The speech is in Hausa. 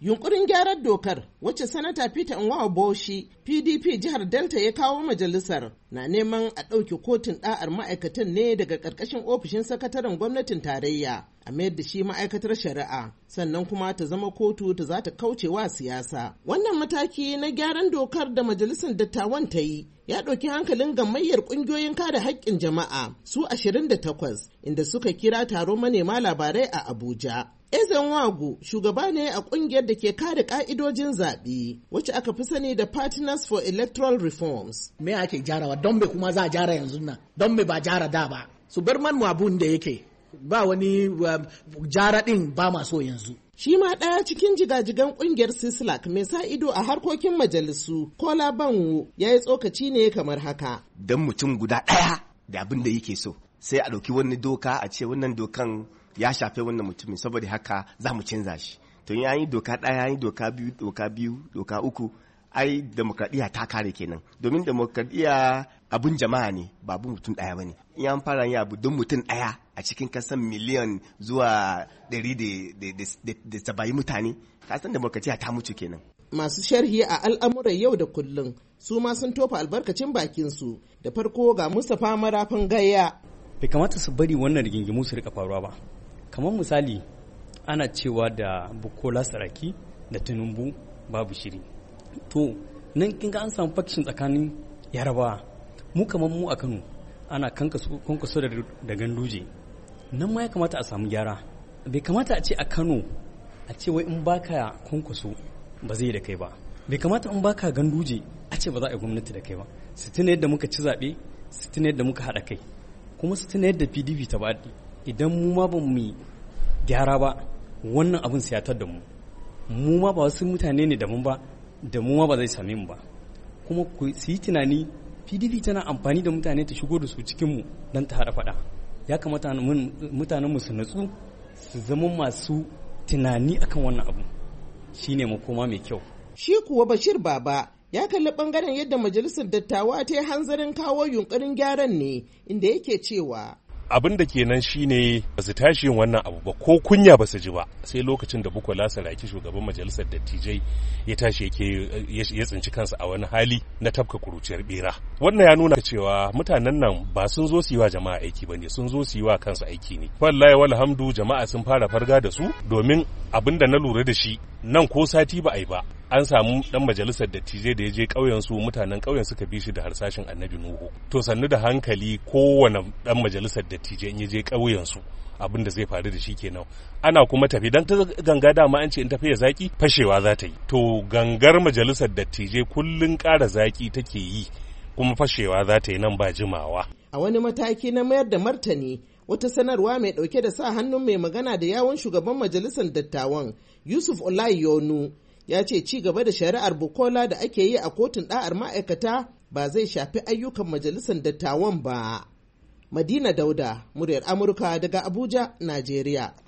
Yunkurin gyaran dokar wacce sanata Peter Nwaboshi PDP jihar Delta ya kawo majalisar na neman a ɗauke kotun ɗa'ar ma'aikatan ne daga ƙarƙashin ofishin sakataren gwamnatin tarayya a mayar da shi ma'aikatar shari'a sannan kuma ta zama kotu ta za ta kauce wa siyasa. Wannan mataki na gyaran dokar da majalisar dattawan ta yi ya ɗauki hankalin gamayyar ƙungiyoyin kare haƙƙin jama'a su 28 inda suka kira taro manema labarai a Abuja. Ezen Wagu shugaba ne a kungiyar da ke kare ka'idojin zaɓe wacce aka fi sani da Partners for Electoral Reforms. Me ake jarawa don me kuma za a jara yanzu nan don me ba jara da ba. Su bar man abun da yake ba wani jara um, ɗin ba ma so yanzu. Shi ma ɗaya cikin jigajigan ƙungiyar Sislak mai sa ido a harkokin majalisu Kola Banwo ya yi tsokaci ne kamar haka. Don mutum guda ɗaya da abin da yake so sai a ɗauki wani doka a ce wannan dokan ya shafe wannan mutumin saboda haka za mu canza shi to ya yi doka ɗaya yi doka biyu doka biyu doka uku ai demokradiyya ta kare kenan domin demokradiyya abun jama'a ne ba abun mutum ɗaya ba ne in an fara yin abu don mutum ɗaya a cikin kasan miliyan zuwa ɗari da sabayi mutane kasan demokradiyya ta mutu kenan masu sharhi a al'amuran yau da kullum su ma sun tofa albarkacin bakinsu da farko ga mustapha marafin gayya bai kamata su bari wannan rigingimu su rika faruwa ba kamar misali ana cewa da bukola saraki da tinubu babu shiri to nan kin ga an samu faction tsakanin yarabawa mu kamar mu a kano ana kankaso da ganduje nan ma ya kamata a samu gyara bai kamata a ce a kano a ce wai in baka kankaso ba zai da kai ba bai kamata in baka ganduje a ce ba za a yi gwamnati da kai ba su yadda muka ci zaɓe su tuna yadda muka haɗa kai kuma su tuna yadda pdp ta baɗi idan mu ma ba mu gyara ba wannan abin siyatar da mu mu ma ba wasu mutane ne da mu ba da mu ma ba zai same mu ba kuma ku su yi tunani pdp tana amfani da mutane ta shigo da su cikin mu don ta haɗa faɗa ya kamata mutanen mu su natsu su zama masu tunani akan wannan abu shine makoma mai kyau shi kuwa bashir baba ya kalli bangaren yadda majalisar dattawa ta yi hanzarin kawo yunkurin gyaran ne inda yake cewa abin da kenan shine ba su tashi yin wannan abu ba ko kunya ba su ji ba sai lokacin da bukola saraki shugaban majalisar dattijai ya tashi yake ya tsinci kansa a wani hali na tafka kuruciyar bera wannan ya nuna cewa mutanen nan ba sun zo su yi wa jama'a aiki ba ne sun zo su yi wa kansu aiki ne wallahi walhamdu jama'a sun fara farga da su domin abin da na lura da shi nan ko sati ba a yi ba an samu dan majalisar dattijai da ya je ƙauyensu su mutanen ƙauyen suka bi shi da harsashin annabi nuhu to sannu da hankali kowane dan majalisar dattijai in ya je ƙauyensu su abin da zai faru da shi kenan ana kuma tafi dan ta ganga dama an ce in tafi ya zaki fashewa za ta yi to gangar majalisar dattijai kullun ƙara zaki take yi kuma fashewa za ta yi nan ba jimawa a wani mataki na mayar da martani wata sanarwa mai dauke da sa hannun mai magana da yawon shugaban majalisar dattawan yusuf olayonu ya ce ci gaba da shari'ar bukola da ake yi a kotun ɗa'ar ma'aikata ba zai shafi ayyukan majalisar dattawan ba madina dauda muryar amurka daga abuja najeriya